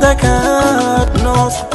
Dakar, notre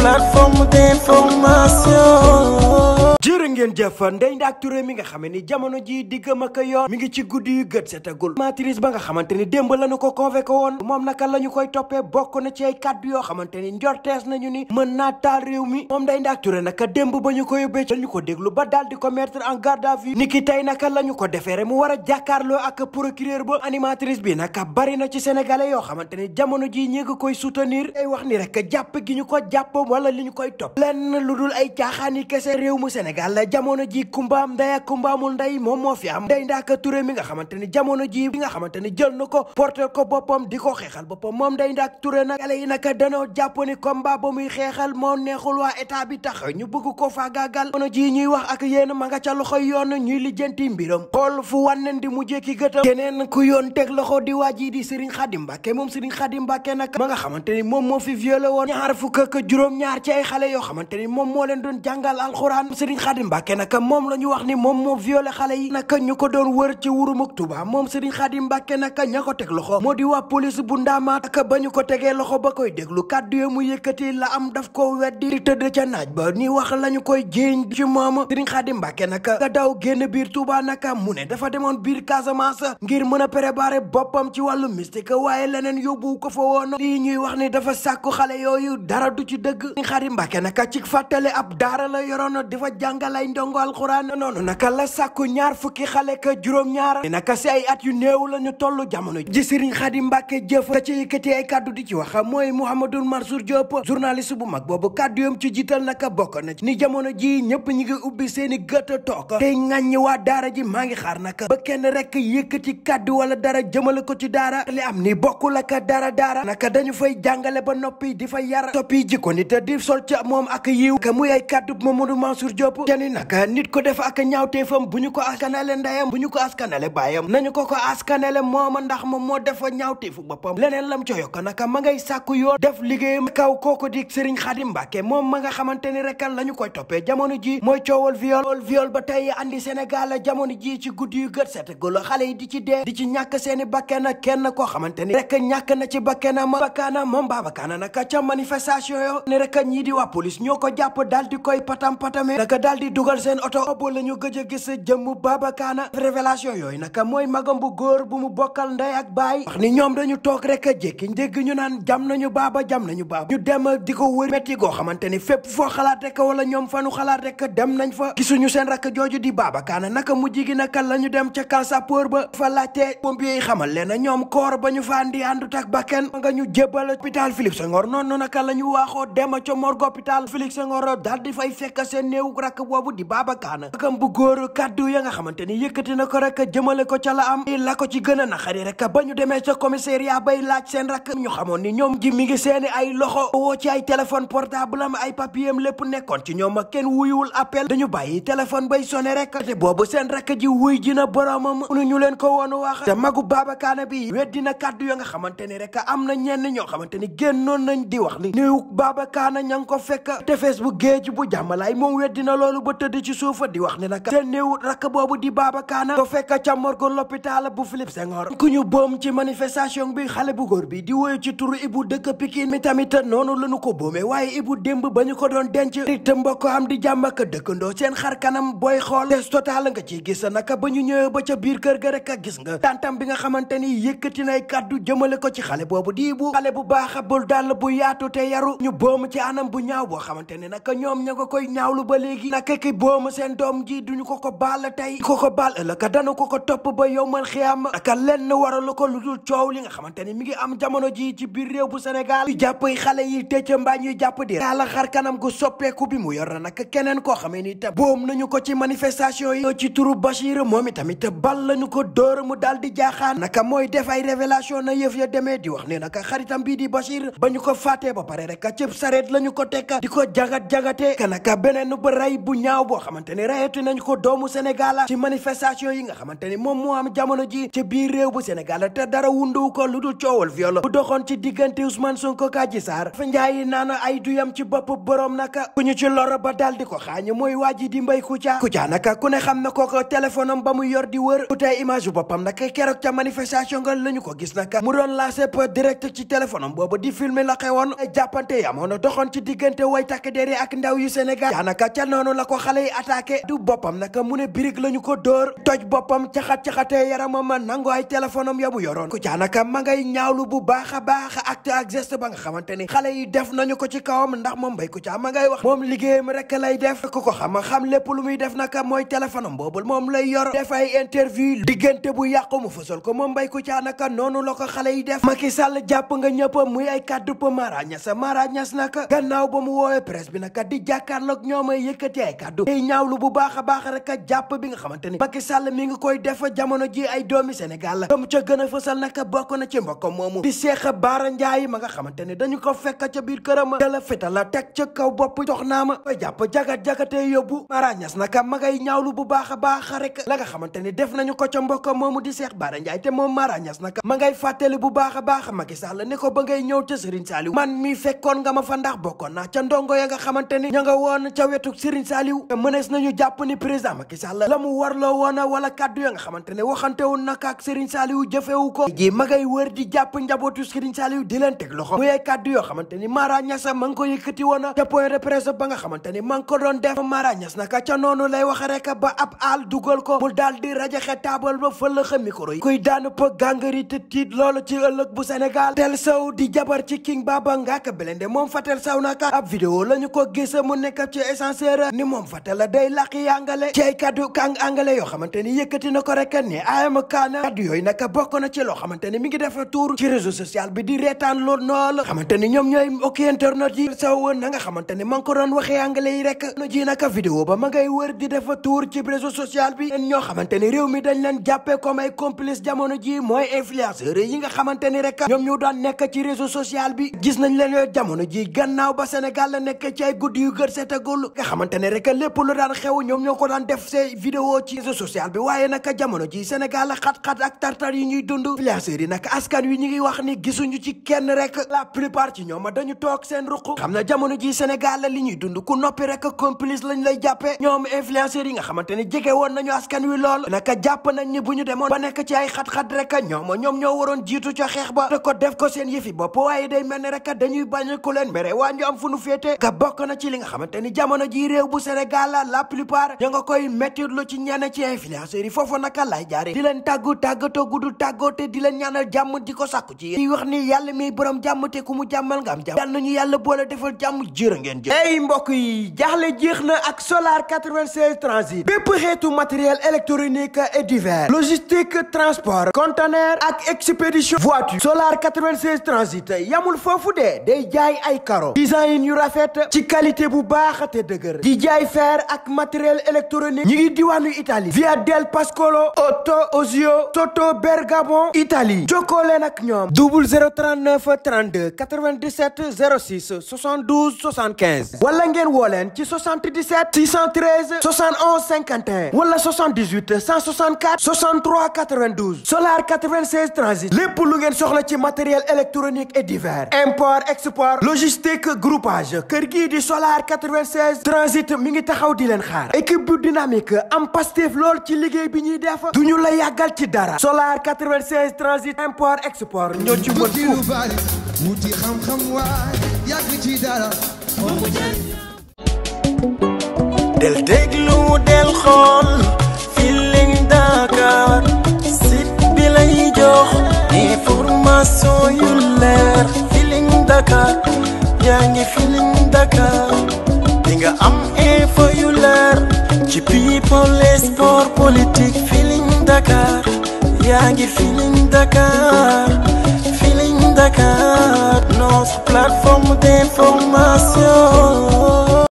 ngeen jëfan Ndeye Ndack ture mi nga xamee ni jamono jii diggam ak yoon mi ngi ci guddi gët setagul ba nga xamante ni démb lañu ko convoqué woon moom naka la ñu koy toppee bokk na ci ay kàddu yoo xamante ni njortees nañu ni mën naa taal réew mi moom Ndeye Ndack Touré naka démb ba ñu koy yóbbee lañu ko déglu ba daal di ko mettre en garde à vue niki tey naka la ñu ko defeere mu war a jàkkaarloo ak procureur ba animatrice bi naka bari na ci sénégalais yoo xamante ni jamono jii ñi ngi koy soutenir wax ni rek jàpp gi ñu ko jàpp wala li ñu koy topp lenn lu dul ay caaxaani kese réew mu Sénégal jamono ji kumbaam ndey ak kumbaamul ndey moom moo fi am Ndeye Ndaka Touré mi nga xamante ni jamono ji bi nga xamante ni jël na ko porté ko boppam di ko xeexal boppam moom Ndeye Ndaka Touré nag ale yi naka danoo jàpp ni combat ba muy xeexal moo neexul waa état bi tax ñu bëgg ko faagaagal jamono ji ñuy wax ak yenn ma nga ca loxoy yoon ñuy lijjanti mbiram xool fu wànnen di mujjee ki gëtam keneen ku yoon teg loxo di waa ji di Serigne Khadim Mbacké moom Serigne Khadim Mbacké nag ma nga xamante ni moom moo fi violé woon ñaar fukk ak juróom-ñaar ci ay xale yoo xamante ni moom moo leen doon jàngal alxuraan Serigne Khadim Mbacke naka moom la ñu wax ni moom moo violé xale yi naka ñu ko doon wër ci wurum ak Touba moom Serigne Khadim Mbacke naka ña ko teg loxo moo di waa police bu ndaamaat ak ba ñu ko tegee loxo ba koy déglu kàddu yi mu yëkkati la am daf ko weddi di tëdd ca naaj ba ni wax lañu koy jéeñ ci moom Serigne Khadim Mbacke naka nga daw génn biir Touba naka mu ne dafa demoon biir Casamance ngir mën a préparer boppam ci wàllu mystique waaye leneen yóbbu sàkku xale yooyu dara du ci dëgg ni xari mbàkke naka ci daara la yoroon di fa jàngal ay ndongo alxuraan noonu naka la sàkku ñaar fukki xale ka juróom-ñaar naka si at yu néew la ñu toll jamono ji sëriñ xadi mbàkke jëf ka ci yëkkati ay kàddu di ci wax mooy mouhamadul mansour diop journaliste bu mag boobu kàddu yoom ci jiital naka bokk na ci ni jamono ji ñëpp ñi ngi ubbi seeni gët toog tey ŋàññi waa daara ji maa ngi xaar naka ba kenn rek yëkkati kàddu wala dara jëmale ko ci daara li am ni bokkul la ka dara daara naka dañu fay jàngale ba noppi di fa yar toppi jikko nit di sol ca moom ak yiw ka muy ay kàddu Mamadou Mansour Diop te ni nag nit ko def ak ñaawteefam bu ñu ko askanale ndeyam bu ñu ko askanale baayam nañu ko ko askanale mooma ndax moom moo defa ñaawteefu boppam leneen lam ca yokk naka ma ngay sàkku yoon def liggéeyam kaw kooku di Serigne Khadim Mbacke moom ma nga xamante ni rekkal la ñu koy toppee jamono ji mooy coowal viol viol ba tey andi Sénégal jamono ji ci guddi yu gët golo xale yi di ci dee di ci ñàkk seeni bakkan kenn koo xamante ni rek ñàkk na ci bakkanam bakkanam moom Babacar ana naka ca manifestation yo ne rek ñii di waa police ñoo ko jàpp daal di koy patam-patame naka daal di dugal seen oto obo la ñu gëj a gis jëmm Baba Kaana yooyu naka mooy magam bu góor bu mu bokkal ndey ak baay wax ni ñoom dañu toog rek a jékki njégg ñu naan jam nañu baaba jam nañu baaba ñu dem di ko wër métti goo xamante ni fépp foo xalaat rek wala ñoom fanu xalaat rek dem nañ fa gisuñu seen rakk jooju di Baba Kaana naka mujj gi naka la ñu dem ca kansapor ba fa laajte pompier yi xamal leen na ñoom koor ba ñu fa andi àndut ak bakken nga ñu Senghor la ñu waaxoo dem ca morgue hôpital Félix Senghor di fay fekk seen néew rakk boobu di ya nga xamante ni yëkkati na ko rek jëmale ko ca la am la a naqari ba ñu demee ca commissariat bay laaj seen rakk ñu xamoon ni ñoom ji mi ngi seeni ay loxo woo ci ay téléphone portable am ay papier lépp nekkoon ci ñoom kenn wuyuwul appel dañu bàyyi téléphone bay soné rek te boobu seen rakk ji wuy ji na boromam unu ñu leen ko woon wax te magu Baba bi weddi na kàddu ya nga xamante ni rek am na ñenn ñoo xamante ni génn génnoon nañ di wax ni néew Babacaana ña ngi ko fekk tefes bu géej bu jàmmalaay moom weddina loolu ba tëdd ci suufa di wax ni nag seen néew rakk boobu di Babacaana ko fekk ca morgue l'hôpital bu Philippe Senghor ku ñu boom ci manifestation bi xale bu góor bi di woyu ci turu Ibou dëkk Pikine mi tamit noonu lañu ko boomee waaye Ibou démb ba ñu ko doon denc rit mbokk am di jàmm ak dëkkandoo seen xar kanam booy xool test total nga ciy gis sa naka ba ñu ñëwee ba ca biir kër ga rek gis nga tantam bi nga xamante ni yëkkati nay kàddu jëmale ko ci xale boobu di Ibou bu baax dal bu yaatu te yaru ñu boom ci anam bu ñaaw boo xamante ne naka ñoom ña ko koy ñaawlu ba léegi naka ki boomu seen doom ji duñu ko ko baal tey ko ko baal ëllëg danu ko ko topp ba yowmal xiyaam naka lenn waralu ko lu dul coow li nga xamante ne mi ngi am jamono ji ci biir réew bu Sénégal yu jàpp xale yi tëcc mbaa ñuy jàpp di yàlla xar kanam gu soppeeku bi mu yor na naka keneen koo xamee ni itam nañu ko ci manifestation yi ci turu Bachir moom itamit bal lañu ko dóor mu daal di jaaxaan naka mooy def ay révélation na yëf demee di wax ne naka xaritam bii di Bachir ba ñu ko faatee ba pare rek cëb sareet la ñu ko tekka di ko jagat-jagatee kanaka beneen ba rey bu ñaaw boo xamante ni reyati nañ ko doomu Sénégal ci manifestation yi nga xamante ni moom moo am jamono ji ci biir réew bu Sénégal te dara wunduwu ko lu dul coowal viol bu doxoon ci diggante ko Sonko Adji Sarr fa njaayi naana ay duyam ci bopp boroom naka ku ñu ci loro ba dal di ko xaañ mooy waa ji di Mbaye ku Kouthia naka ku ne xam na kooko téléphone ba mu yor di wër bu tey boppam naka keroog ca manifestation nga la ñu ko gis naka mu doon lancé direct ci téléphone boobu di filmé la a jàppante yamoon a doxoon ci diggante way takk der yi ak ndaw yu Sénégal daanaka ca noonu la ko xale yi attaqué du boppam naka mu ne birig la ñu ko door toj boppam caxat-caxatee yaramama nangu ay téléphone am yamu yoroon ku caanaka ma ngay ñaawlu bu baax a baax acte ak geste ba nga xamante ni xale yi def nañu ko ci kawam ndax moom mbay ku caa ma ngay wax moom liggéeyam rek lay def ku ko xam xam lépp lu muy def naka mooy téléphone am boobul moom lay yor def ay interview diggante bu yàqu mu fësal ko moom mbay ku caa naka noonu la ko xale yi def Macky Sall jàpp nga ñëpp muy kàddu pa Mara Niass Mara Niass nag gannaaw ba mu woowee presse bi nag di jàkkaarloog ñoom ay yëkkati ay kàddu tey ñaawlu bu baax a baax rek jàpp bi nga xamante ni Macky Sall mi ngi koy def jamono ji ay doomi Sénégal comme ca gën a fësal nag bokk na ci mbokk moomu di Cheikh Bara Ndiaye ma nga xamante ni dañu ko fekk ca biir këram te la feta la teg ca kaw bopp jox naa ma jàpp jagat-jagatee yóbbu Mara Niass nag ma ngay ñaawlu bu baax a baax rek la nga xamante ni def nañu ko ca mbokk moomu di Cheikh Bara Ndiaye te moom Mara Niass nag ma fàttali bu baax a baax Macky ne ko ba ngay ñëw ca Serigne Saliou man mi fekkoon nga ma fa ndax bokkoon naa ca ndongo ya nga xamante ni ña nga woon ca wetu Serigne Saliou mënees nañu jàpp ni président Macky Sall la mu warloo woona wala kàddu ya nga xamante waxante woon naka ak Serigne Saliou jëfewu ko ji wër di jàpp njabootu Serigne Saliou di leen teg loxo muy ay kàddu yoo xamante ni Mara Niass ma ngi ko nga ni ma ngi ko doon def Mara Niass naka ca noonu lay waxe rek ba ab aal dugal ko mu daal di rajaxe taabal ba fëlëxa micro yi kuy daanu pa gàngari te tiit loolu ci king Baba Ngaaka Blindé moom Fatel Sawnaka ab vidéo la ñu ko gis mu nekk ci essentiel ni moom Fatel day làqi angale ci ay kaddu kàng angale mi ngi def tour ci réseau bi di reetaan lool nool xamante ni ñoom ñooy ok internet yi angale yi rek nu ji naka vidéo ba ma ngay wër di def tour ci réseau social bi ñoo xamante réew mi dañ leen jàppee comme ay complice jamono ji mooy influenceurs yi nga xamante rek ñoom ñu daan nekk ci réseau social Sénégal bi gis nañ leen jamono ji gannaaw ba Sénégal la nekk ci ay guddi yu gër seetagul nga xamante ne rek lépp lu daan xew ñoom ñoo ko daan def see vidéo ci réseau social bi waaye naka jamono ji Sénégal la xat ak tartar yi ñuy dund influenceurs yi nag askan wi ñu ngi wax ni gisuñu ci kenn rek la plupart ci ñoom dañu toog seen ruq xam na jamono ji Sénégal li ñuy dund ku noppi rek complice lañ lay jàppe ñoom influenceurs yi nga xamante ne jege woon nañu askan wi lool naka jàpp nañ ni bu ñu demoon ba nekk ci ay xat-xat rek ñoom ñoom ñoo waroon jiitu ca xeex ba te ko def ko seen yëfi bopp waaye day mel ne rek dañuy bañ ku leen mere waa ñu am fu nu féete ka bokk na ci li nga xamante ni jamono ji réew bu Sénégal la plupart ña nga koy lo ci ñenn ci influenceurs yi foofu naka lay jaare di leen tàggu tàggatoo gudd tàggoo te di leen ñaanal jàmm di ko sàkku ci yéen di wax ni yàlla mi borom jàmm te ku mu jàmmal nga am jàmm yal nañu yàlla boole defal jàmm jërë ngeen jëf ay mbokk yi jaaxle jeex na ak solar 96 transit bépp xeetu matériel électronique et divers logistique transport conteneur ak expédition voiture solar 96 transit yamul foofu de day jaay ay karo design yu rafet ci qualité bu baax te dëgër di jaay fer ak matériel électronique ñi ngi diwaanu Italie via Del Pascolo Otto Osio Toto Bergamo Italie jokkoo leen ak ñoom 0039 32 97 06 72 75 wala ngeen woo leen ci 77 613 71 51 wala 78 164 63 92 Solar 96 transit lépp lu ngeen soxla ci matériel électronique et divers Dakar import export logistique groupage kër gi di solar 96 transit mi ngi taxaw di leen xaar équipe bu dynamique lool ci liggéey bi ñuy def du ñu la yàggal ci dara solar 96 transit import export ñoo ci fu del déglu del xool Feeling Dakar site bi lay jox information yu leer Feeling yaa ngi Feeling Dakar di nga am info yu leer ci people et sport politique yaa ngi Feeling Dakar Feeling Dakar notre plateforme d'information